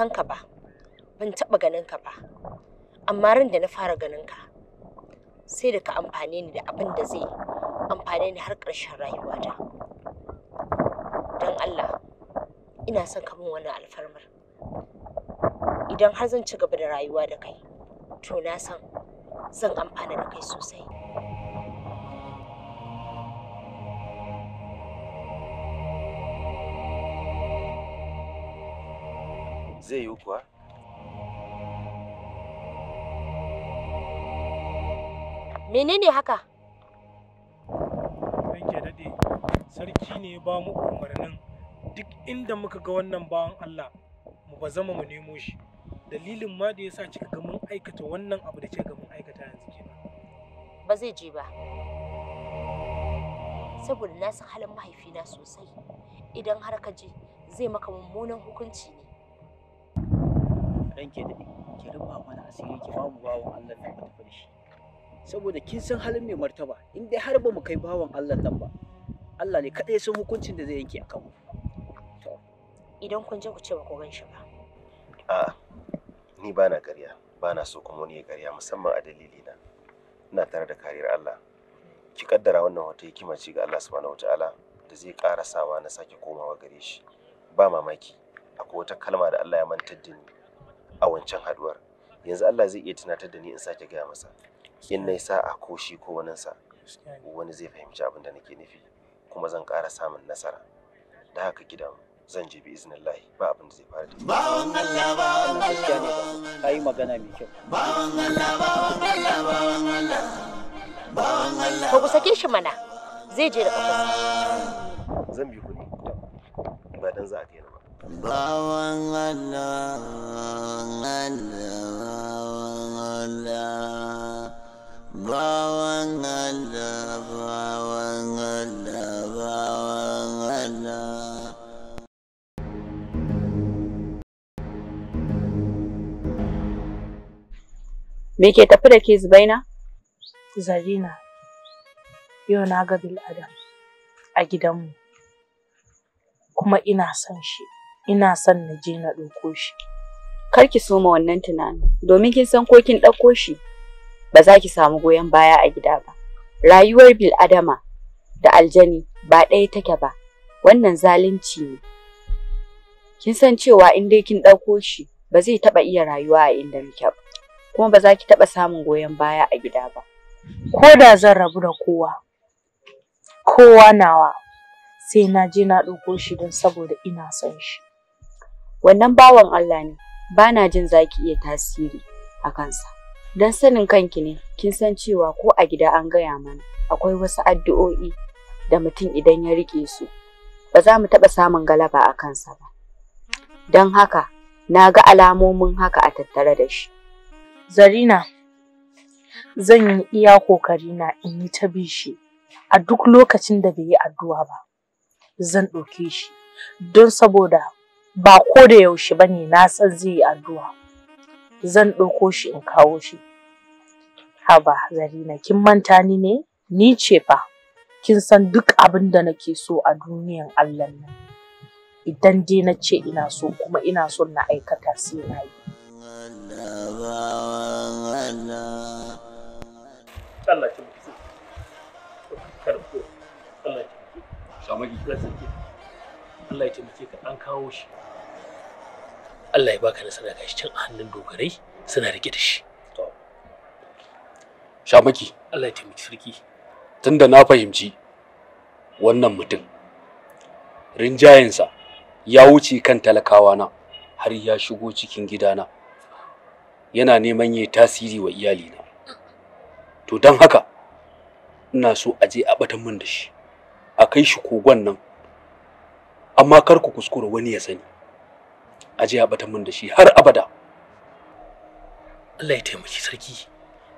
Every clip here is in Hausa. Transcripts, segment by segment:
san ka ba ban taɓa ganin ka ba amma ran da na fara ganin ka sai da ka amfane ni da abin da zai amfane ni har ƙarshen rayuwata don Allah ina son ka min wannan alfarmar idan har zan ci gaba da rayuwa da kai to na san zan amfana da kai sosai zai yiwu kuwa menene haka ranke daɗe sarki ne ba mu umarnin duk inda muka ga wannan bawan allah mu ba zama mu nemo shi dalilin ma da yasa kika ga mun aikata wannan abu da kika ga aikata yanzu kenan ba zai je ba saboda na san halin mahaifina sosai idan har ka je zai maka mummunan hukunci ke daɗe ki rufa mana asiri ki ba mu bawan Allah nan da shi saboda kin san halin mai martaba in dai har ba mu kai bawan Allah nan ba Allah ne kaɗai san hukuncin da zai yanke a kanmu to idan kun je ku ce ba ku gan ba a'a ni ba na ƙarya ba na so kuma wani ya ƙarya musamman a dalili na ina tare da kariyar Allah ki kaddara wannan wata hikima ce ga Allah subhanahu wataala da zai ƙara sawa na sake komawa gare shi ba mamaki akwai wata kalma da Allah ya mantar da ni a wancan haduwar yanzu Allah zai iya tunatar da ni in sake gaya masa in na sa'a ko shi ko wani sa wani zai fahimci abin da nake nufi kuma zan ƙara samun nasara da haka gidan zan je bi izinin lahi ba abin da zai fara da bawan Allah bawan Allah yi magana mai kyau bawan Allah bawan Allah bawan Allah Allah ko ku sake shi mana zai je da kafa zan bi ku ne ba dan za a kai bawan bawan Me ke tafi da ke zubaina? Zarina, yau na ga Bil'adam a gidanmu, kuma ina son shi. ina son na je na ɗauko shi. Kar ki soma wannan tunanin domin kin san ko kin ɗauko shi ba za ki samu goyon baya a gida ba. Rayuwar bil'adama da aljani ba ɗaya take ba, wannan zalunci ne. Kin san cewa in dai kin ɗauko shi ba zai taɓa iya rayuwa a inda muke ba, kuma ba za ki taɓa samun goyon baya a gida ba. Ko da zan rabu da kowa, kowa nawa sai na je na ɗauko shi don saboda ina son shi. wannan bawan Allah ne ba na jin za ki iya tasiri a kansa don sanin kanki ne kin san cewa ko a gida an gaya mana akwai wasu addu'o'i da mutum idan ya rike su ba za mu taɓa samun galaba a kansa ba don haka na ga alamomin haka a tattare da shi zarina zan yi iya kokari na in yi ta bishi a duk lokacin da bai yi addu'a ba zan ɗauke shi don saboda ba ko da yaushe ba ne na san zai yi addu'a zan ɗauko shi in kawo shi haba zarina kin manta ni ne ni ce fa kin san duk abin da nake so a duniyan allah nan idan dai na ce ina so kuma ina son na aikata sai na yi Allah Allah ya taimake ka dan kawo shi Allah ya baka nasara gashi can a hannun dogarai suna rike da shi to shamaki Allah ya taimake sarki tunda na fahimci wannan mutum rinjayensa ya wuce kan talakawa na har ya shigo cikin gidana yana neman yi tasiri wa iyalina to don haka ina so a je a batan min da shi a kai shi kogon nan amma kar ku kuskura wani ya sani aje ya bata mun da shi har abada Allah ya taimaki sarki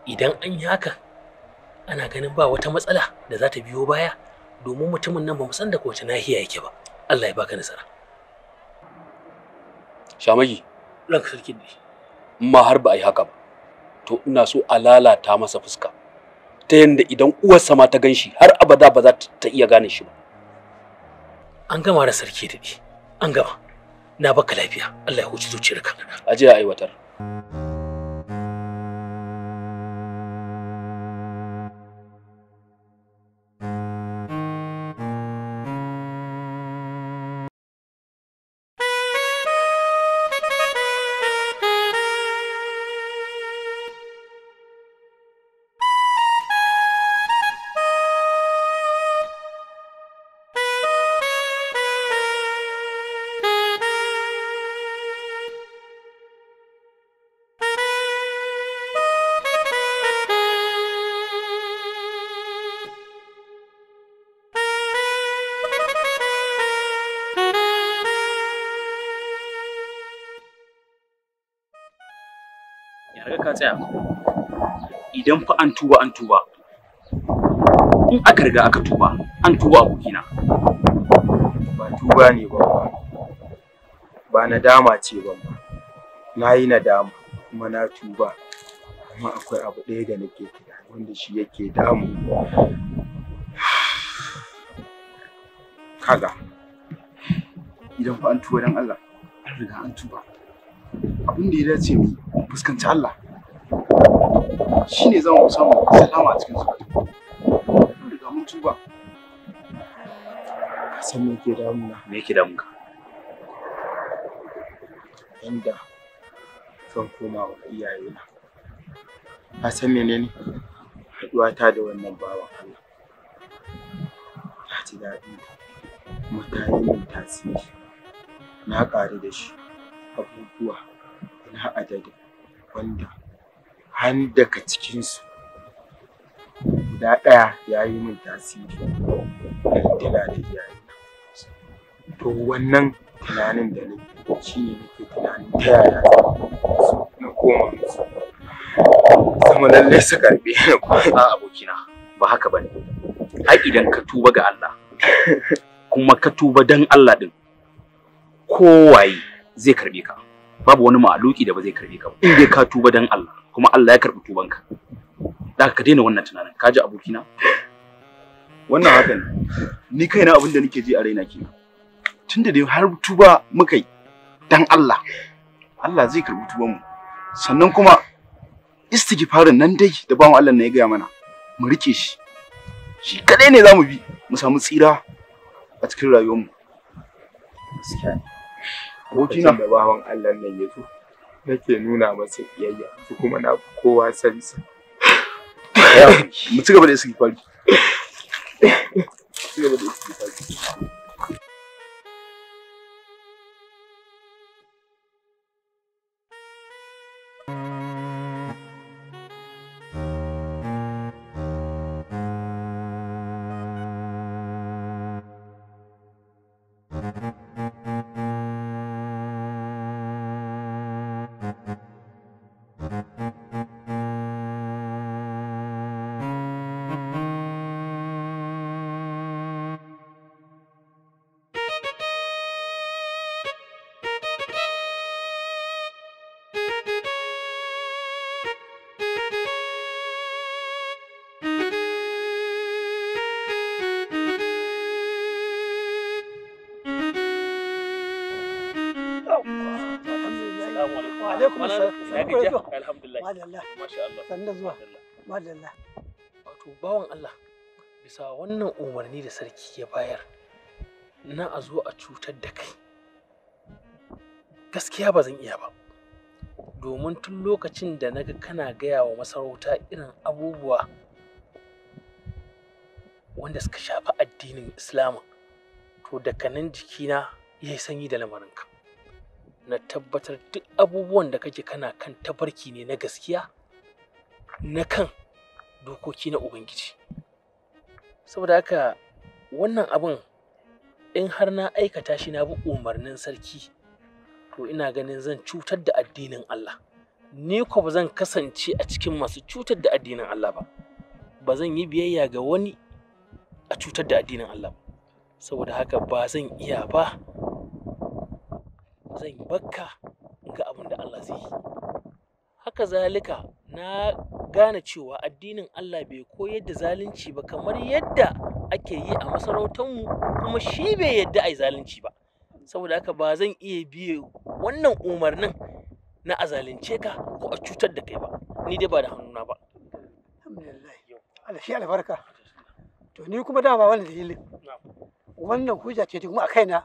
idan an yi haka ana ganin ba wata matsala da za ta biyo baya domin mutumin nan ba mu san da wace nahiya yake ba Allah ya baka nasara Shamagi ranka sarki ne ma har ba a yi haka ba to ina so a lalata masa fuska ta yanda idan uwarsa ma ta ganshi har abada ba za ta iya gane shi ba an gama da sarki daɗi an gama na baka lafiya Allah ya huci zuciyarka aje a aiwatar tsaya idan fa an tuba an tuba in aka riga aka tuba an tuba abokina ba tuba ne ba ba nadama ce ba na yi nadama kuma na tuba amma akwai abu ɗaya da nake kira wanda shi yake damu kaga idan fa an tuba dan Allah an riga an tuba abin da ya dace mu fuskanci Allah shi ne zan samu salama a cikin zuciya da mun tuba san me ke damuna me ke damunka inda zan koma wa iyayena ka san menene haɗuwa ta da wannan bawan Allah ta ji daɗi kuma ta yi min tasiri na ƙaru da shi abubuwa na adadin wanda har daga cikinsu guda ɗaya ya yi min tasiri dila da iyaye to wannan tunanin da ne shi ne nake tunanin ta yaya na koma musu sama lallai su karbe a abokina ba haka ba ne ai idan ka tuba ga Allah kuma ka tuba dan Allah din kowaye zai karbe ka babu wani maluki da ba zai karbe ka ba in dai ka tuba dan Allah kuma Allah ya karbi tubanka da ka daina wannan tunanin ka ji abokina wannan hakan ni kaina abin da nake ji a raina ke tunda dai har tuba muka yi dan Allah Allah zai karbi tuban mu sannan kuma istighfarin nan dai da bawan Allah ne ya gaya mana mu rike shi shi kadai ne zamu bi mu samu tsira a cikin rayuwarmu gaskiya Lokacin da bawan Allah nan ya zo, nake nuna masa iyayya, su kuma na kowa sansa. Mu ci gaba da Ci gaba da malam Allah wato bawan Allah bisa wannan umarni da sarki ya bayar na a zo a cutar da kai gaskiya ba zan iya ba domin tun lokacin da naga kana gaya wa masarauta irin abubuwa wanda suka shafi addinin islamu to daga nan jikina ya yi sanyi da lamarinka na tabbatar duk abubuwan da kake kana kan tabarki ne na gaskiya na kan dokoki na ubangiji saboda haka wannan abun in har na aikata shi na bi umarnin sarki to ina ganin zan cutar da addinin Allah ni ko ba zan kasance a cikin masu cutar da addinin Allah ba ba zan yi biyayya ga wani a cutar da addinin Allah saboda haka ba zan iya ba zan yi bakka ga abin da Allah zai yi haka zalika na gane cewa addinin Allah bai koyar da zalunci ba kamar yadda ake yi a mu kuma shi bai yadda a yi zalunci ba saboda haka ba zan iya biye wannan umarnin na a zalunce ka ko a cutar da kai ba ni dai ba da hannuna ba alhamdulillah albarka to ni kuma dama wannan dalilin wannan hujja ce kuma a kaina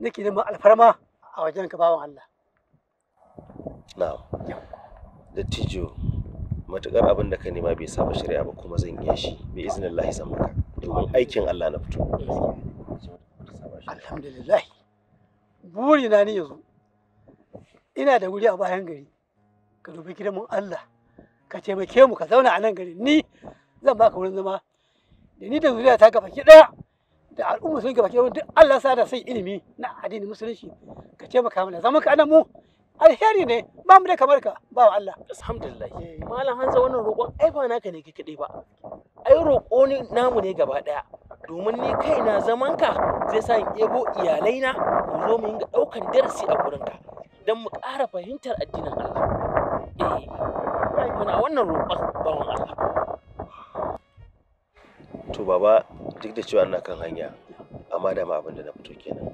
nake neman alfarma a wajen ka bawan Allah na'am dattijo matukar abin da ka nema bai saba shari'a ba kuma zan iya shi bi izinin Allah zan maka domin aikin Allah na fito alhamdulillah buri na ni yanzu ina da wuri a bayan gari ka dubi girman Allah ka taimake mu ka zauna a nan gari ni zan baka wurin zama da ni da zuriya ta gaba ki daya da al'umma sun gaba duk Allah sa da sai ilimi na addinin musulunci ka ce maka mana zaman ka mu alheri ne ba mu da kamar ka ba wa Allah alhamdulillah eh. malam hanza wannan roƙon ai ba naka ne kake ba ai roƙo ne namu ne gaba daya domin ni kai na zaman ka zai sa in ebo iyalai na mu zo mu yinga ɗaukan darasi a gurin ka dan mu ƙara fahimtar addinin Allah eh muna wannan roƙon wa Allah to baba duk da cewa ina kan hanya amma da ma abin da na fito kenan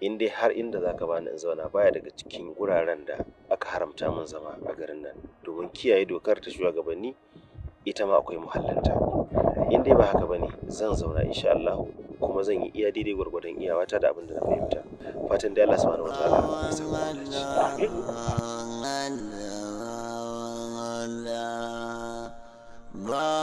in dai har inda zaka bani in zauna baya daga cikin guraren da aka haramta min zama a garin nan domin kiyaye dokar ta gabanni ita ma akwai muhallinta in dai ba haka bane zan zauna insha Allah kuma zan yi iya daidai gwargwadon iyawata da abin da na fahimta fatan dai Allah subhanahu wataala ya samu dace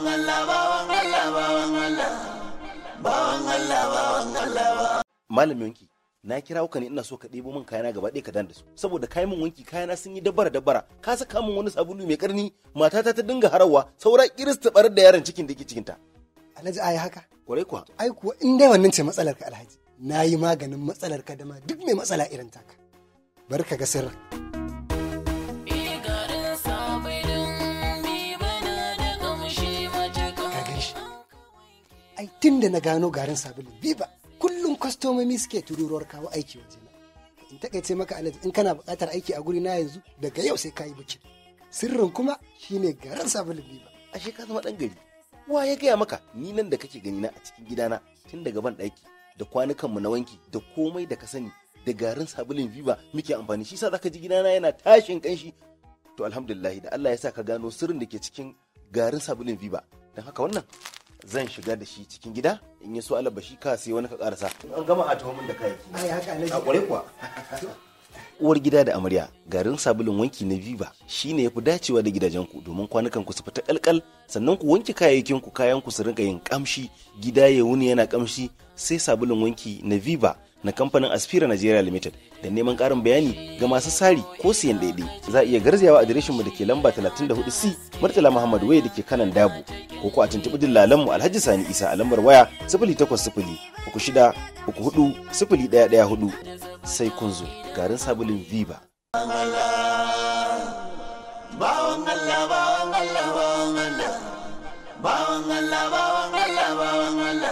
bawan Allah bawan Allah bawan Allah bawan Allah bawan Allah wanki na kira ka ne ina so ka ɗebo min kayana gaba ɗaya ka danda da su saboda kayan min wanki kayana sun yi dabara dabara ka saka min wani sabulu mai karni matata ta dinga harawa saura kiris ta barar da yaron cikin da ke cikinta alhaji ai haka kwarai kuwa ai kuwa in dai wannan ce matsalar ka alhaji na yi maganin matsalar ka da duk mai matsala irin taka barka ka ga sirrin ai tun da na gano garin sabulun biba kullum kwastomomi suke tururuwar kawo aiki waje na in takaice maka alaji in kana bukatar aiki a guri na yanzu daga yau sai ka yi bikin sirrin kuma shine garin sabulun ba ashe ka zama ɗan gari wa ya gaya maka ni nan da kake gani na a cikin gidana tun daga ban ɗaki da mu na wanki da komai da ka sani da garin sabulun viva muke amfani shi sa zaka ji gidana yana tashin kanshi to alhamdulillah da Allah ya sa ka gano sirrin da ke cikin garin sabulun viva don haka wannan zan shiga da shi cikin gida in yi so alabashi ka sai wani ka karasa an gama a tuhumin da ai haka ne kware kuwa uwar gida da amarya garin sabulun wanki na viva shine yafi dacewa da gidajenku domin kwanukan ku su fita kalkal sannan ku wanke kayayyakin ku kayan ku su rinka yin kamshi gida ya wuni yana kamshi sai sabulun wanki na viva na kamfanin aspira nigeria limited da neman karin bayani ga masu sari ko siyan daidai za a iya garzayawa adireshinmu da ke lamba 34c murtala muhammad waya da ke kanan dabu? ko ko a tuntuɓi dillalan mu Alhaji Sani Isa a lambar waya 08036440114 sai kun zo garin sabulin Viva. Bawan Allah, bawan Allah, bawan Allah, bawan Allah,